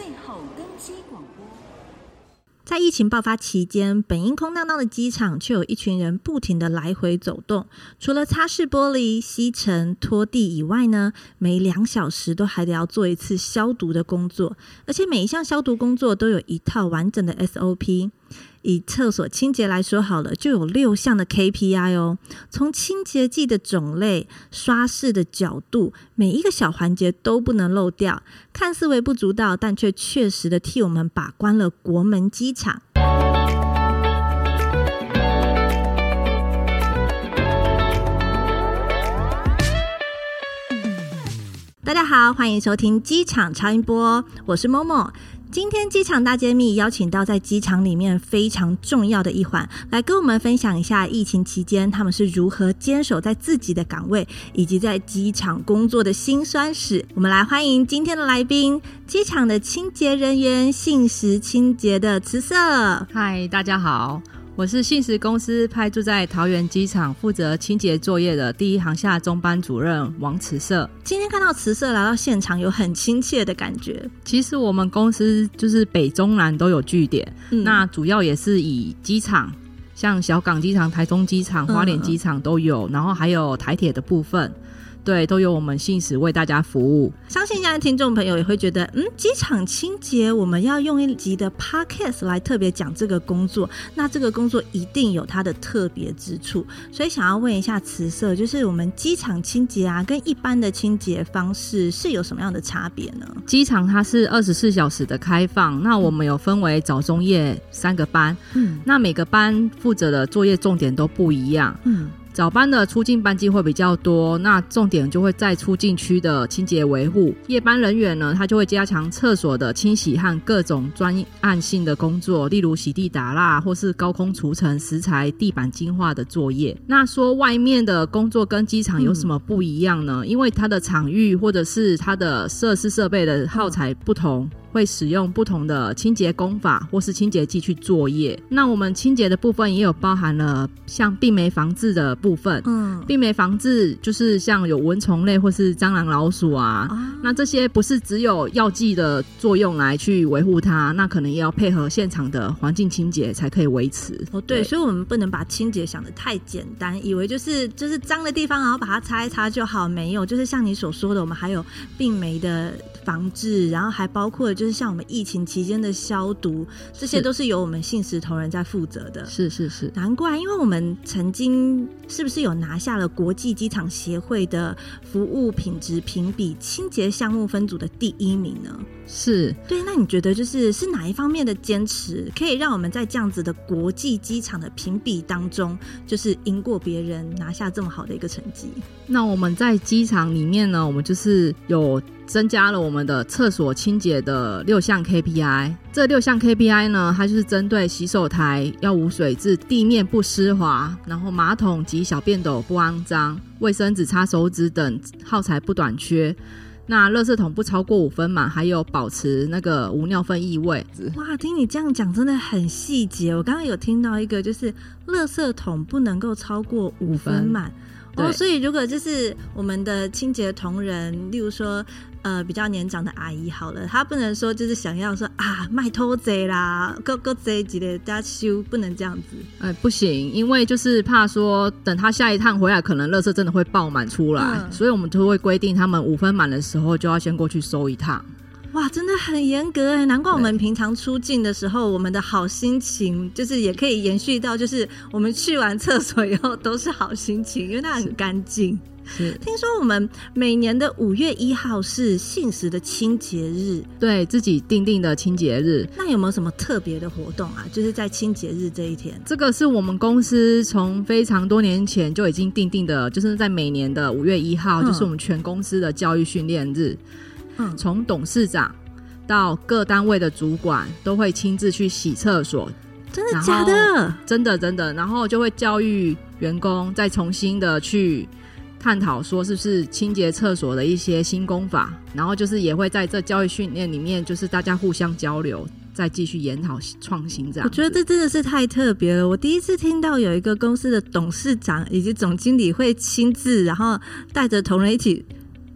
最後登機廣播。在疫情爆發期間，本應空蕩蕩的機場，卻有一群人不停地來回走動。除了擦拭玻璃、吸塵、拖地以外呢，每兩小時都還得要做一次消毒的工作，而且每一項消毒工作都有一套完整的 SOP。以廁所清潔來說好了，就有六項的 KPI 哦。從清潔劑的種類、刷拭的角度，每一個小環節都不能漏掉。看似微不足道，但卻確實的替我們把關了國門機場。嗯。大家好，歡迎收聽《機場超音波》哦，我是 MOMO。今天機場大揭秘，邀請到在機場裡面非常重要的一環，來跟我們分享一下疫情期間他們是如何堅守在自己的崗位，以及在機場工作的辛酸史。我們來歡迎今天的來賓——機場的清潔人員，信實清潔的慈色。嗨，大家好。我是信實公司派駐在桃園機場負責清潔作業的第一航廈中班主任王慈社。今天看到慈社來到現場，有很親切的感覺。其實我們公司就是北中南都有據點，嗯、那主要也是以機場，像小港機場、台中機場、花蓮機場都有，嗯、然後還有台鐵的部分。對，都有我們信實為大家服務。相信現在聽眾朋友也會覺得，嗯，機場清潔我們要用一集的 Podcast 來特別講這個工作，那這個工作一定有它的特別之處。所以想要問一下慈色，就是我們機場清潔啊，跟一般的清潔方式是有什麼樣的差別呢？機場它是二十四小時的開放，那我們有分為早、中、夜三個班，嗯，那每個班負責的作業重點都不一樣，嗯。早班的出境班機會比較多，那重點就會在出境區的清潔維護。夜班人員呢，他就會加強廁所的清洗和各種專案性的工作，例如洗地打蠟或是高空除塵、石材地板淨化的作業。那說外面的工作跟機場有什麼不一樣呢？嗯。因為它的場域或者是它的設施設備的耗材不同。嗯。會使用不同的清潔工法或是清潔劑去作業。那我們清潔的部分也有包含了像病媒防治的部分。嗯，病媒防治就是像有蚊蟲類或是蟑螂、老鼠啊、哦。那這些不是只有藥劑的作用來去維護它，那可能也要配合現場的環境清潔才可以維持。哦對，對，所以我們不能把清潔想得太簡單，以為就是就是髒的地方然後把它擦一擦就好。沒有，就是像你所說的，我們還有病媒的防治，然後還包括。就是像我們疫情期間的消毒，這些都是由我們信實同仁在負責的。是是是，是，難怪，因為我們曾經是不是有拿下了國際機場協會的服務品質評比清潔項目分組的第一名呢？是對。那你覺得就是是哪一方面的堅持，可以讓我們在這樣子的國際機場的評比當中，就是贏過別人，拿下這麼好的一個成績？那我們在機場裡面呢，我們就是有增加了我們的廁所清潔的。呃，六項 KPI，這六項 KPI 呢，它就是針對洗手台要無水漬，地面不濕滑，然後馬桶及小便斗不骯髒，衛生紙、擦手紙等耗材不短缺，那垃圾桶不超過五分滿，還有保持那個無尿糞異味。哇，聽你這樣講真的很細節。我剛剛有聽到一個，就是垃圾桶不能夠超過五分滿。對。哦，oh, 所以如果就是我們的清潔同仁，例如說。呃，比較年長的阿姨好了，她不能說就是想要說啊，賣偷賊啦，勾勾賊之類的，家修不能這樣子。哎、欸，不行，因為就是怕說，等他下一趟回來，可能垃圾真的會爆滿出來，嗯，所以我們就會規定，他們五分滿的時候就要先過去收一趟。哇，真的很嚴格哎，欸，難怪我們平常出境的時候，我們的好心情就是也可以延續到，就是我們去完廁所以後都是好心情，因為那很乾淨。是，聽說我們每年的五月一號是信實的清潔日，對，自己訂定的清潔日。那有沒有什麼特別的活動啊？就是在清潔日這一天，這個是我們公司從非常多年前就已經訂定的，就是在每年的五月一號、嗯、就是我們全公司的教育訓練日。從、嗯、董事長到各單位的主管都會親自去洗廁所，真的假的？真的真的，然後就會教育員工再重新的去。探討說是不是清潔廁所的一些新工法，然後就是也會在這教育訓練裡面，就是大家互相交流，再繼續研討創新這樣。我覺得這真的是太特別了，我第一次聽到有一個公司的董事長以及總經理會親自，然後帶着同仁一起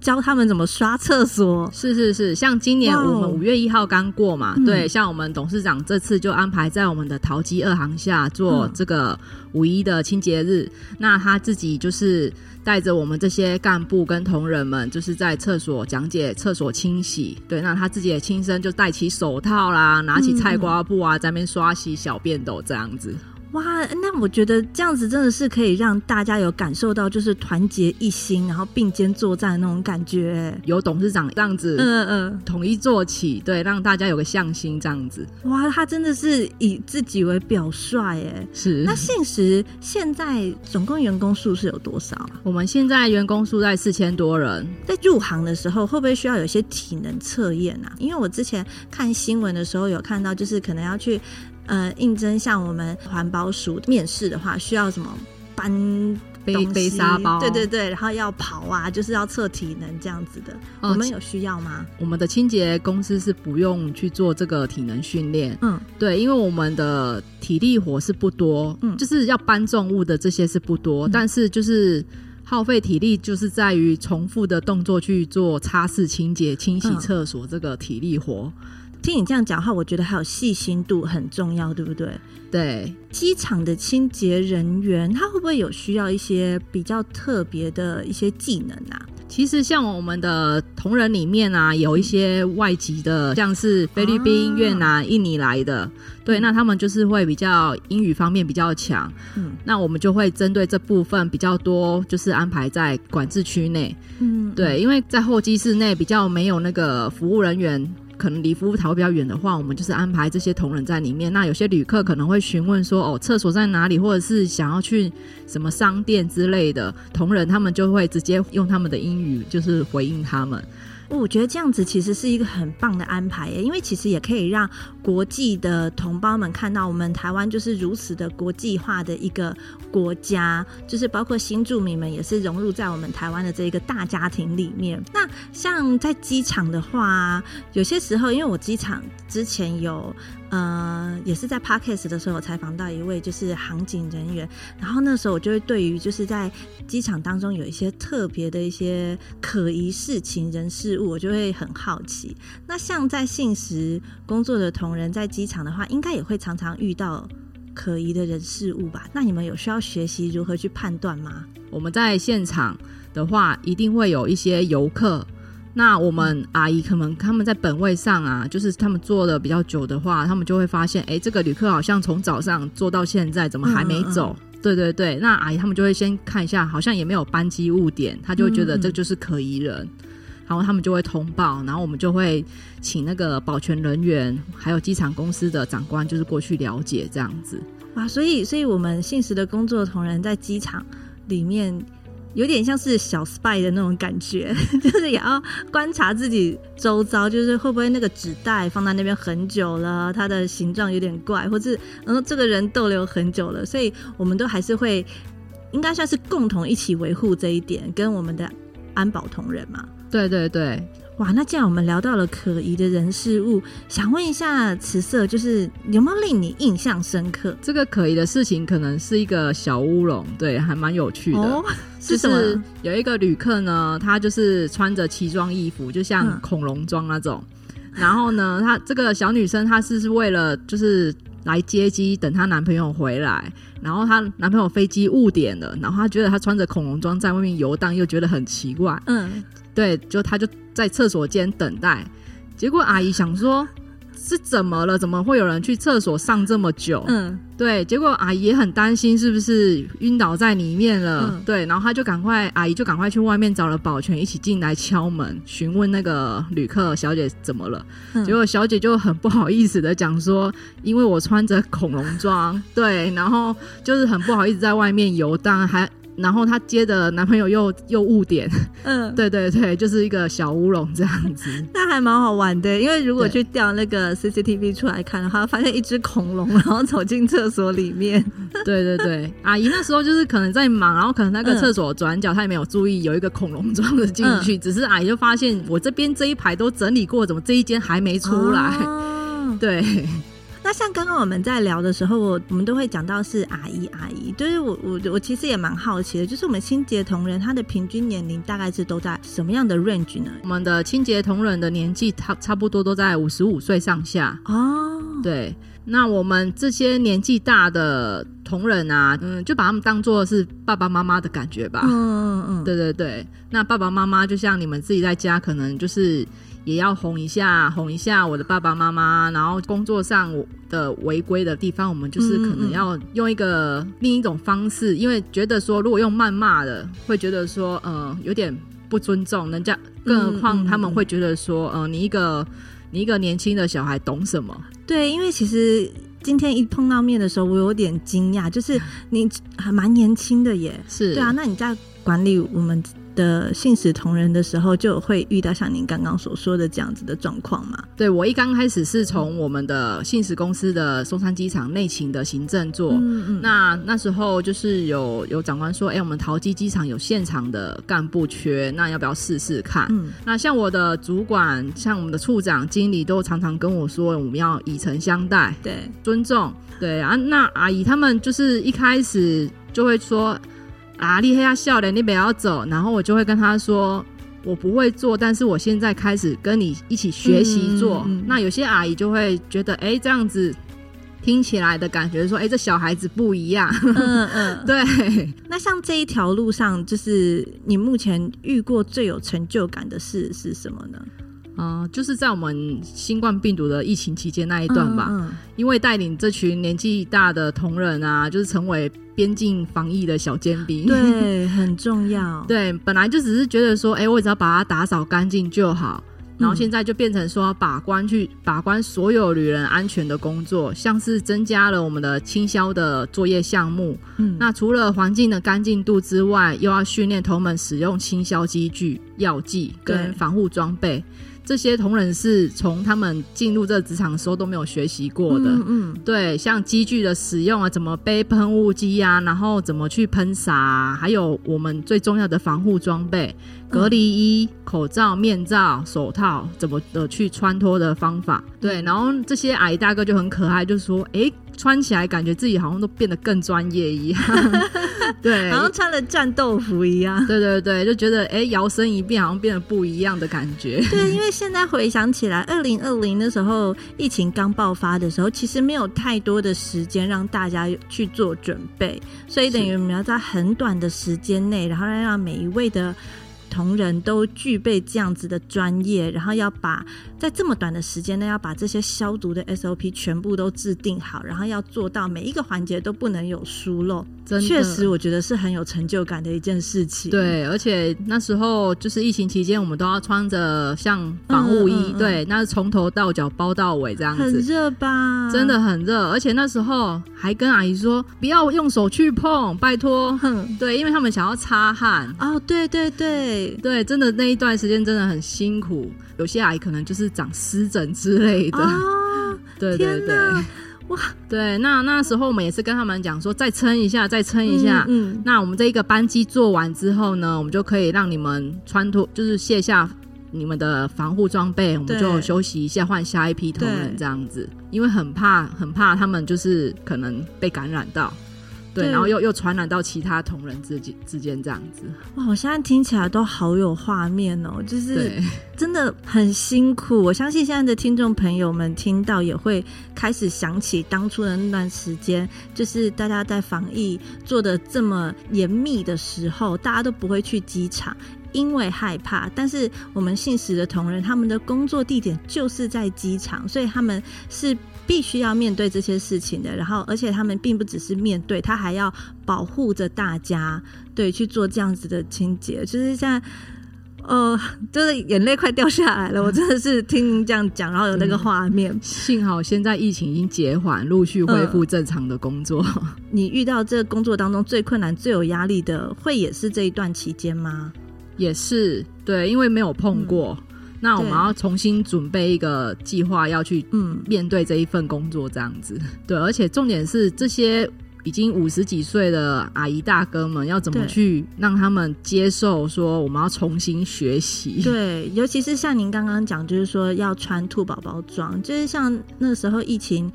教他們怎麼刷廁所。是是是，像今年我們五月一號剛過嘛、哦嗯、對，像我們董事長這次就安排在我們的桃機二航廈做這個五一的清潔日，嗯、那他自己就是。帶着我們這些幹部跟同仁們，就是在廁所講解廁所清洗。對,那他自己也親身就戴起手套啦，拿起菜瓜布啊，嗯、在那邊刷洗小便斗這樣子。哇，那我覺得這樣子真的是可以讓大家有感受到，就是團結一心，然後並肩作戰的那種感覺。由董事長這樣子嗯，嗯嗯，統一做起，對，讓大家有個向心，這樣子。哇，他真的是以自己為表率，哎，是。那信實現在總共員工數是有多少啊？我們現在員工數在四千多人。在入行的時候，會不會需要有些體能測驗啊？因為我之前看新聞的時候有看到，就是可能要去。呃，應徵像我們環保署面試的話，需要什麼搬背、背沙包？對對對，然後要跑啊，就是要測體能這樣子的、哦。我們有需要嗎？我們的清潔公司是不用去做這個體能訓練。嗯，對，因為我們的體力活是不多，嗯，就是要搬重物的這些是不多，嗯，但是就是耗費體力，就是在於重複的動作去做擦拭清潔、清洗廁所、嗯、這個體力活。聽你這樣講話，我覺得還有細心度很重要，對不對？對，機場的清潔人員他會不會有需要一些比較特別的一些技能啊？其實像我們的同仁裡面啊，有一些外籍的，像是菲律賓、啊、越南、印尼來的，對、嗯，那他們就是會比較英語方面比較強。嗯，那我們就會針對這部分比較多，就是安排在管制區內。嗯，對，嗯、因為在候機室內比較沒有那個服務人員。可能離服務台比較遠的話，我們就是安排這些同仁在裡面。那有些旅客可能會詢問說：“哦，廁所在哪裡？”或者是想要去什麼商店之類的，同仁他們就會直接用他們的英語就是回應他們。我覺得這樣子其實是一個很棒的安排耶，因為其實也可以讓國際的同胞們看到，我們台灣就是如此的國際化的一個國家，就是包括新住民們也是融入在我們台灣的這一個大家庭裡面。那像在機場的話，有些時候因為我機場之前有。呃，也是在 podcast 的時候，我採訪到一位就是航警人員，然後那時候我就會對於就是在機場當中有一些特別的一些可疑事情、人事物，我就會很好奇。那像在信實工作的同仁在機場的話，應該也會常常遇到可疑的人事物吧？那你們有需要學習如何去判斷嗎？我們在現場的話，一定會有一些游客。那我們阿姨可能他們在本位上啊，就是他們坐了比較久的話，他們就會發現，哎，這個旅客好像從早上坐到現在，怎麼還沒走？嗯嗯。對對對。那阿姨他們就會先看一下，好像也沒有班機誤點，他就會覺得這就是可疑人。嗯嗯，然後他們就會通報，然後我們就會請那個保全人員，還有機場公司的長官，就是過去了解這樣子。哇，所以所以我們信實的工作同仁在機場裡面。有點像是小 spy 的那種感覺，就是也要觀察自己周遭，就是會不會那個紙袋放在那邊很久了，它的形狀有點怪，或是嗯，這個人逗留很久了，所以我們都還是會，應該算是共同一起維護這一點，跟我們的安保同仁嘛。對對對。哇，那既然我們聊到了可疑的人事物，想問一下，慈色就是有沒有令你印象深刻，這個可疑的事情可能是一個小烏龍，對，還蠻有趣的。哦、 就是什麼？有一個旅客呢，他就是穿着奇裝異服，就像恐龍裝那種、嗯。然後呢，她這個小女生，她是是為了就是來接機，等她男朋友回來。然後她男朋友飛機誤點了，然後她覺得她穿着恐龍裝在外面游蕩，又覺得很奇怪。嗯，對，就她就在廁所間等待，結果阿姨想說。是怎麼了？怎麼會有人去廁所上這麼久？嗯，對，結果阿姨也很擔心，是不是暈倒在裡面了？嗯？對，然後她就趕快，阿姨就趕快去外面找了保全，一起進來敲門，詢問那個旅客小姐怎麼了。嗯，結果小姐就很不好意思的講說，因為我穿着恐龍裝，嗯，對，然後就是很不好意思在外面遊蕩，還。然後她接的男朋友又又誤點，嗯， 對對對，就是一個小烏龍這樣子。那還蠻好玩的，因為如果去調那個 CCTV 出來看的話，發現一隻恐龍，然後走進廁所裡面。對對對， 阿姨那時候就是可能在忙，然後可能那個廁所轉角她、嗯、也沒有注意，有一個恐龍裝了進去、嗯。只是阿姨就發現我這邊這一排都整理過，怎麼這一間還沒出來？啊、對。那像剛剛我們在聊的時候，我我們都會講到是阿姨阿姨，就是我我我其實也蠻好奇的，就是我們清潔同仁他的平均年齡大概是都在什麼樣的 range 呢？我們的清潔同仁的年紀，差差不多都在五十五歲上下哦。Oh. 對，那我們這些年紀大的同仁啊，嗯，就把他們當做是爸爸媽媽的感覺吧。嗯嗯嗯，對對對。那爸爸媽媽就像你們自己在家，可能就是。也要哄一下，哄一下我的爸爸媽媽。然後工作上的違規的地方，我們就是可能要用一個嗯嗯另一種方式，因為覺得說，如果用謾罵的，會覺得說，呃，有點不尊重人家。更何況他們會覺得說，嗯嗯呃，你一個你一個年輕的小孩懂什麼？對，因為其實今天一碰到面的時候，我有點驚訝，就是你還蠻年輕的耶，是？對啊，那你在管理我們？的信實同仁的時候，就會遇到像您剛剛所說的這樣子的狀況嘛？對，我一剛開始是從我們的信實公司的松山機場內勤的行政做、嗯嗯，那那時候就是有有長官說，哎、欸，我們桃機機場有現場的幹部缺，那要不要試試看、嗯？那像我的主管，像我們的處長、經理都常常跟我說，我們要以誠相待，對，尊重，對啊。那阿姨他們就是一開始就會說。啊，姨還要笑的，你不要走。然後我就會跟他說：“我不會做，但是我現在開始跟你一起學習做。嗯嗯”那有些阿姨就會覺得：“哎、欸，這樣子聽起來的感覺說，說、欸、哎，這小孩子不一樣。 嗯”嗯嗯，對。那像這一條路上，就是你目前遇過最有成就感的事是什麼呢？啊、嗯，就是在我們新冠病毒的疫情期間那一段吧，嗯嗯、因為帶領這群年紀大的同仁啊，就是成為邊境防疫的小尖兵。對，很重要。 對，本來就只是覺得說，哎、欸，我只要把它打掃乾淨就好。然後現在就變成說，要把關去把關所有旅人安全的工作，像是增加了我們的清消的作業項目。嗯，那除了環境的乾淨度之外，又要訓練同仁使用清消機具、藥劑跟防護裝備。這些同仁是從他們進入這個職場的時候都沒有學習過的。嗯，嗯對，像機具的使用啊，怎麼背噴霧機啊，然後怎麼去噴灑啊，還有我們最重要的防護裝備。隔離衣、口罩、面罩、手套，怎麼的去穿脫的方法？對，然後這些阿姨大哥就很可愛，就是說，哎、欸，穿起來感覺自己好像都變得更專業一樣， 對，好像穿了戰鬥服一樣，對對對，就覺得哎，搖、欸、身一變，好像變得不一樣的感覺。對，因為現在回想起來，二零二零的時候，疫情剛爆發的時候，其實沒有太多的時間讓大家去做準備，所以等於我們要在很短的時間內，然後讓每一位的。同仁都具備這樣子的專業，然後要把在這麼短的時間內要把這些消毒的 SOP 全部都制定好，然後要做到每一個環節都不能有疏漏。真的確實，我覺得是很有成就感的一件事情。對，而且那時候就是疫情期間，我們都要穿着像防護衣，嗯嗯嗯，對，那是從頭到腳包到尾這樣子，很熱吧？真的很熱，而且那時候還跟阿姨說不要用手去碰，拜託，哼、嗯，對，因為他們想要擦汗。哦，對對對。對，真的那一段時間真的很辛苦，有些阿姨可能就是長濕疹之類的。哦、對對對哇，對，那那時候我們也是跟他們講說，再撐一下，再撐一下。嗯，嗯，那我們這一個班機做完之後呢，我們就可以讓你們穿脫，就是卸下你們的防護裝備，我們就休息一下，換下一批同仁這樣子，因為很怕，很怕他們就是可能被感染到。對，然後又又傳染到其他同仁之間之間這樣子。哇，我現在聽起來都好有畫面哦，就是真的很辛苦。我相信現在的聽眾朋友們聽到也會開始想起當初的那段時間，就是大家在防疫做得這麼嚴密的時候，大家都不會去機場，因為害怕。但是我們信實的同仁，他們的工作地點就是在機場，所以他們是。必須要面對這些事情的，然後，而且他們並不只是面對，他還要保護着大家，對，去做這樣子的清潔，就是像，呃，就是眼淚快掉下來了，嗯，我真的是聽您這樣講，然後有那個畫面。幸好現在疫情已經減緩，陸續恢復正常的工作。呃，你遇到這個工作當中最困難、最有壓力的，會也是這一段期間嗎？也是，對，因為沒有碰過。嗯那我們要重新準備一個計劃，要去對、嗯、面對這一份工作這樣子。對，而且重點是這些已經五十幾歲的阿姨大哥們，要怎麼去讓他們接受說我們要重新學習？對，尤其是像您剛剛講，就是說要穿兔寶寶裝，就是像那時候疫情。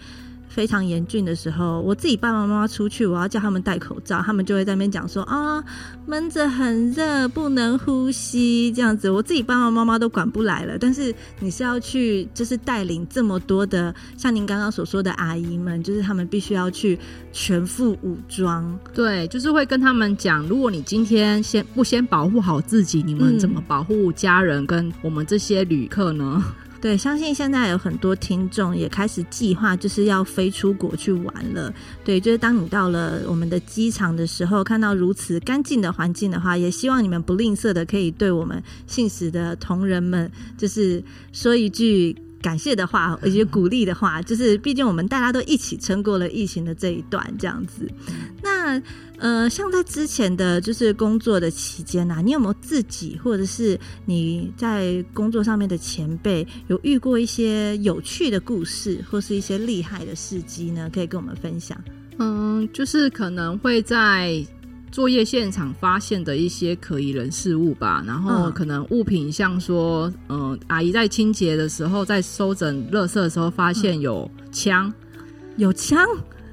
非常嚴峻的時候，我自己爸爸媽媽出去，我要叫他們戴口罩，他們就會在那邊講說啊，悶著很熱，不能呼吸，這樣子，我自己爸爸媽媽都管不來了。但是你是要去，就是帶領這麼多的，像您剛剛所說的阿姨們，就是他們必須要去全副武裝，對，就是會跟他們講，如果你今天先不先保護好自己，你們怎麼保護家人跟我們這些旅客呢？嗯對，相信現在有很多聽眾也開始計劃，就是要飛出國去玩了。對，就是當你到了我們的機場的時候，看到如此乾淨的環境的話，也希望你們不吝嗇的可以對我們信實的同仁們，就是說一句感謝的話，而且鼓勵的話。就是畢竟我們大家都一起撐過了疫情的這一段，這樣子。那。呃，像在之前的就是工作的期間吶、啊，你有沒有自己或者是你在工作上面的前輩有遇過一些有趣的故事或是一些厲害的事蹟呢？可以跟我們分享。嗯，就是可能會在作業現場發現的一些可疑人事物吧。然後可能物品，像說，嗯，阿姨在清潔的時候，在收整垃圾的時候，發現有槍，有槍。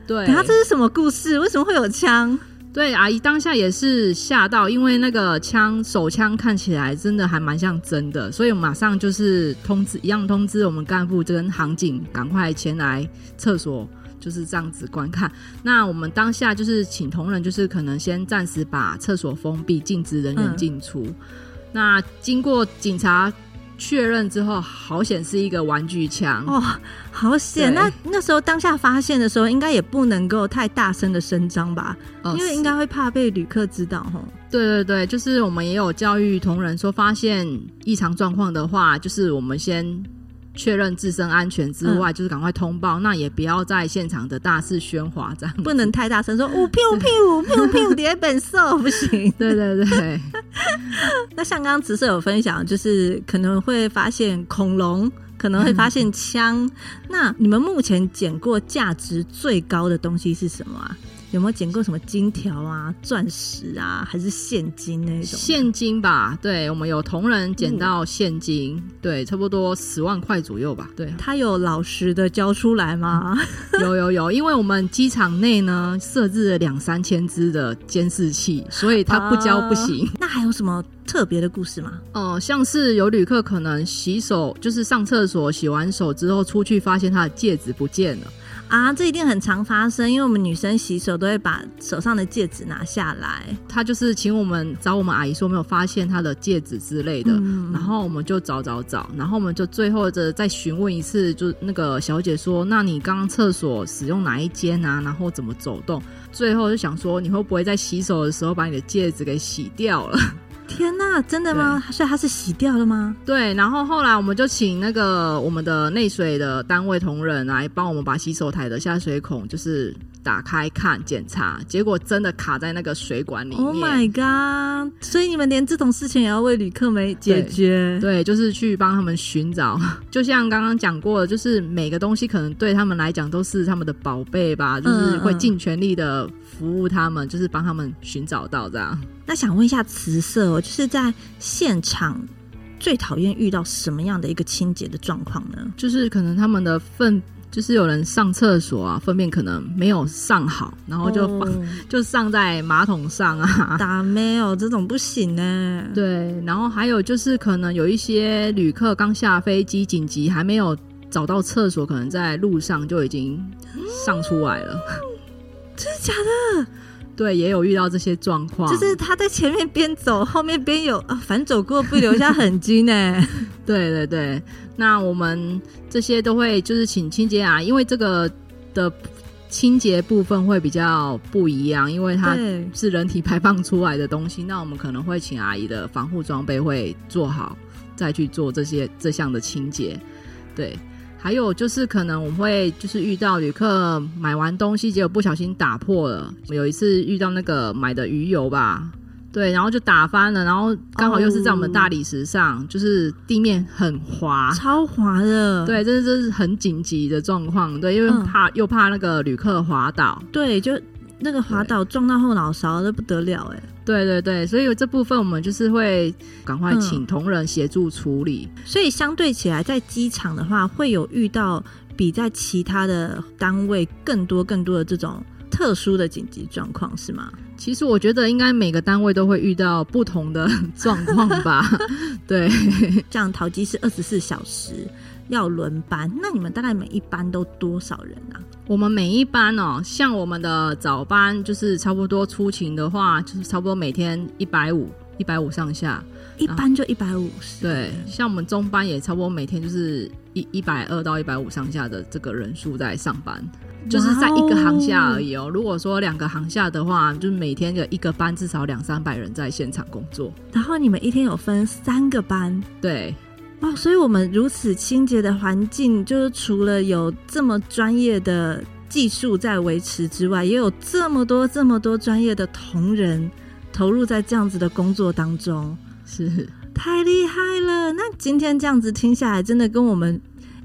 對，等一下，這是什麼故事？為什麼會有槍？對，阿姨當下也是嚇到，因為那個槍手槍看起來真的還蠻像真的，所以馬上就是通知，一樣通知我們幹部跟航警趕快前來廁所，就是這樣子觀看。那我們當下就是請同仁，就是可能先暫時把廁所封閉，禁止人員進出。那經過警察。確認之後，好險是一個玩具槍哦，好險！那那時候當下發現的時候，應該也不能夠太大聲的聲張吧、哦，因為應該會怕被旅客知道哈。對對對，就是我們也有教育同仁說，發現異常狀況的話，就是我們先。確認自身安全之外，就是趕快通報，嗯。那也不要在現場的大肆喧嘩，這樣不能太大聲說“哦，屁股屁股屁股屁股疊本色”不行。對對對，對。 那像剛剛直設有分享，就是可能會發現恐龍，可能會發現槍，嗯。那你們目前撿過價值最高的東西是什麼啊？有沒有撿過什麼金條啊、鑽石啊，還是現金那種？現金吧，對，我們有同仁撿到現金、嗯，對，差不多十萬塊左右吧。對，他有老實的交出來嗎？嗯、有有有，因為我們機場內呢設置了兩三千支的監視器，所以他不交不行。嗯、 那還有什麼特別的故事嗎？哦、呃，像是有旅客可能洗手，就是上廁所洗完手之後出去，發現他的戒指不見了。啊，這一定很常發生，因為我們女生洗手都會把手上的戒指拿下來。她就是請我們找我們阿姨說沒有發現她的戒指之類的，嗯、然後我們就找找找，然後我們就最後的再詢問一次，就那個小姐說，那你剛剛廁所使用哪一間啊？然後怎麼走動？最後就想說，你會不會在洗手的時候把你的戒指給洗掉了？啊，真的嗎？所以它是洗掉了嗎？對，然後後來我們就請那個我們的內水的單位同仁來幫我們把洗手台的下水孔就是打開看檢查，結果真的卡在那個水管裡面。Oh my god！所以你們連這種事情也要為旅客們解決對？對，就是去幫他們尋找。 就像剛剛講過的，就是每個東西可能對他們來講都是他們的寶貝吧，嗯嗯，就是會盡全力的。服務他們就是幫他們尋找到這樣。那想問一下磁、喔，慈色就是在現場最討厭遇到什麼樣的一個清潔的狀況呢？就是可能他們的糞，就是有人上廁所啊，糞便可能沒有上好，然後就放、oh. 就上在馬桶上啊。打沒有這種不行呢、欸。對，然後還有就是可能有一些旅客剛下飛機，緊急還沒有找到廁所，可能在路上就已經上出來了。嗯真的假的？對，也有遇到這些狀況，就是他在前面邊走，後面邊有啊，反走過不留下痕跡呢？ 對對對，那我們這些都會就是請清潔阿姨，因為這個的清潔部分會比較不一樣，因為它是人體排放出來的東西，那我們可能會請阿姨的防護裝備會做好，再去做這些這項的清潔，對。還有就是，可能我們會就是遇到旅客買完東西，結果不小心打破了。有一次遇到那個買的魚油吧，對，然後就打翻了，然後剛好又是在我們大理石上，哦，就是地面很滑，超滑的。對，這是這是很緊急的狀況，對，因為怕、嗯、又怕那個旅客滑倒。對，就那個滑倒撞到後腦勺，那不得了哎、欸。對對對，所以這部分我們就是會趕快請同仁協助處理。嗯。所以相對起來，在機場的話，會有遇到比在其他的單位更多更多的這種特殊的緊急狀況，是嗎？其實我覺得應該每個單位都會遇到不同的狀況吧。 對，這樣桃機是二十四小時。要輪班，那你們大概每一班都多少人啊？我們每一班哦、喔，像我們的早班，就是差不多出勤的話，就是差不多每天一百五、一百五上下。一般就一百五十。對，像我們中班也差不多每天就是一一百二到一百五上下的這個人數在上班。wow，就是在一個航廈而已哦、喔。如果說兩個航廈的話，就是每天有一個班至少兩三百人在現場工作。然後你們一天有分三個班，對。哦，所以我們如此清潔的環境，就是除了有這麼專業的技術在維持之外，也有這麼多這麼多專業的同仁投入在這樣子的工作當中，是太厲害了。那今天這樣子聽下來，真的跟我們。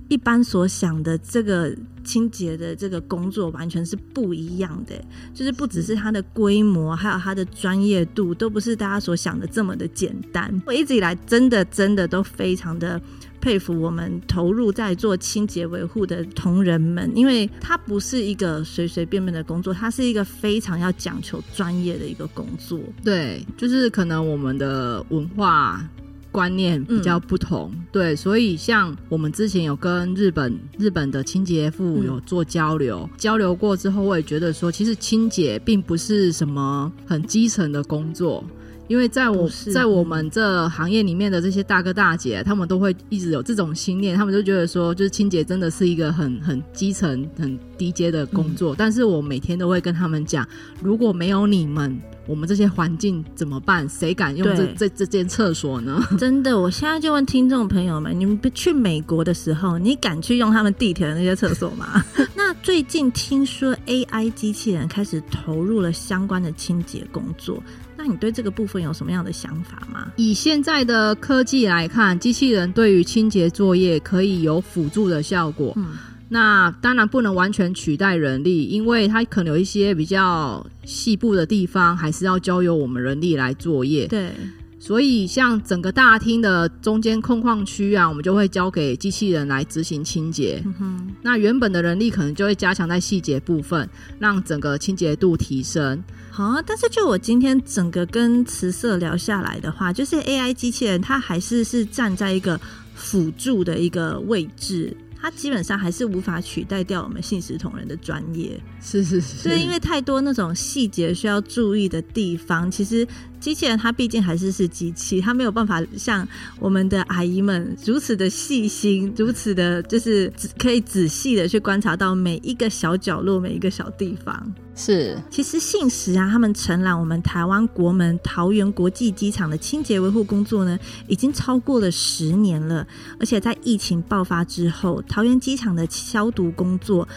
一般所想的這個清潔的這個工作，完全是不一樣的。就是不只是它的規模，還有它的專業度，都不是大家所想的這麼的簡單。我一直以來，真的真的都非常的佩服我們投入在做清潔維護的同仁們，因為它不是一個隨隨便便的工作，它是一個非常要講求專業的一個工作。對，就是可能我們的文化。觀念比較不同、嗯，對，所以像我們之前有跟日本日本的清潔婦有做交流、嗯，交流過之後，我也覺得說，其實清潔並不是什麼很基層的工作，因為在我在我們這行業裡面的這些大哥大姐，他們都會一直有這種心念，他們就覺得說，就是清潔真的是一個很很基層很低階的工作、嗯，但是我每天都會跟他們講，如果沒有你們。我們這些環境怎麼辦？誰敢用這這這間廁所呢？真的，我現在就問聽眾朋友們：你們不去美國的時候，你敢去用他們地鐵的那些廁所嗎？ 那最近聽說 AI 機器人開始投入了相關的清潔工作，那你對這個部分有什麼樣的想法嗎？以現在的科技來看，機器人對於清潔作業可以有輔助的效果。嗯那當然不能完全取代人力，因為它可能有一些比較細部的地方，還是要交由我們人力來作業。對，所以像整個大廳的中間空曠區啊，我們就會交給機器人來執行清潔、嗯哼。那原本的人力可能就會加強在細節部分，讓整個清潔度提升。好、哦、啊，但是就我今天整個跟慈色聊下來的話，就是 AI 機器人它還是是站在一個輔助的一個位置。它基本上還是無法取代掉我們信實同仁的專業，是是是，所以因為太多那種細節需要注意的地方，其實。機器人它畢竟還是是機器，它沒有辦法像我們的阿姨們如此的細心，如此的就是可以仔細的去觀察到每一個小角落、每一個小地方。是，其實信實啊，他們承攬我們台灣國門桃園國際機場的清潔維護工作呢，已經超過了十年了。而且在疫情爆發之後，桃園機場的消毒工作，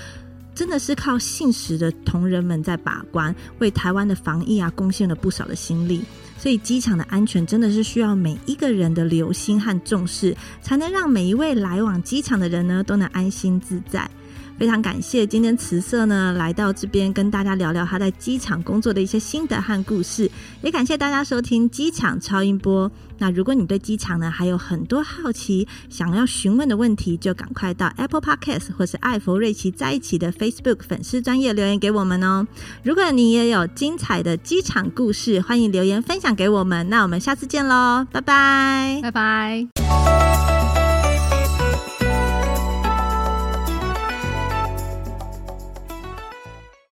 真的是靠信實的同仁們在把關，為台灣的防疫啊貢獻了不少的心力。所以機場的安全真的是需要每一個人的留心和重視，才能讓每一位來往機場的人呢都能安心自在。非常感謝今天慈色呢來到這邊跟大家聊聊他在機場工作的一些心得和故事，也感謝大家收聽機場超音波。那如果你對機場呢還有很多好奇想要詢問的問題，就趕快到 Apple Podcast 或是艾弗瑞淇在一起的 Facebook 粉絲專頁留言給我們哦、喔。如果你也有精彩的機場故事，歡迎留言分享給我們。那我們下次見嘍，拜拜，拜拜。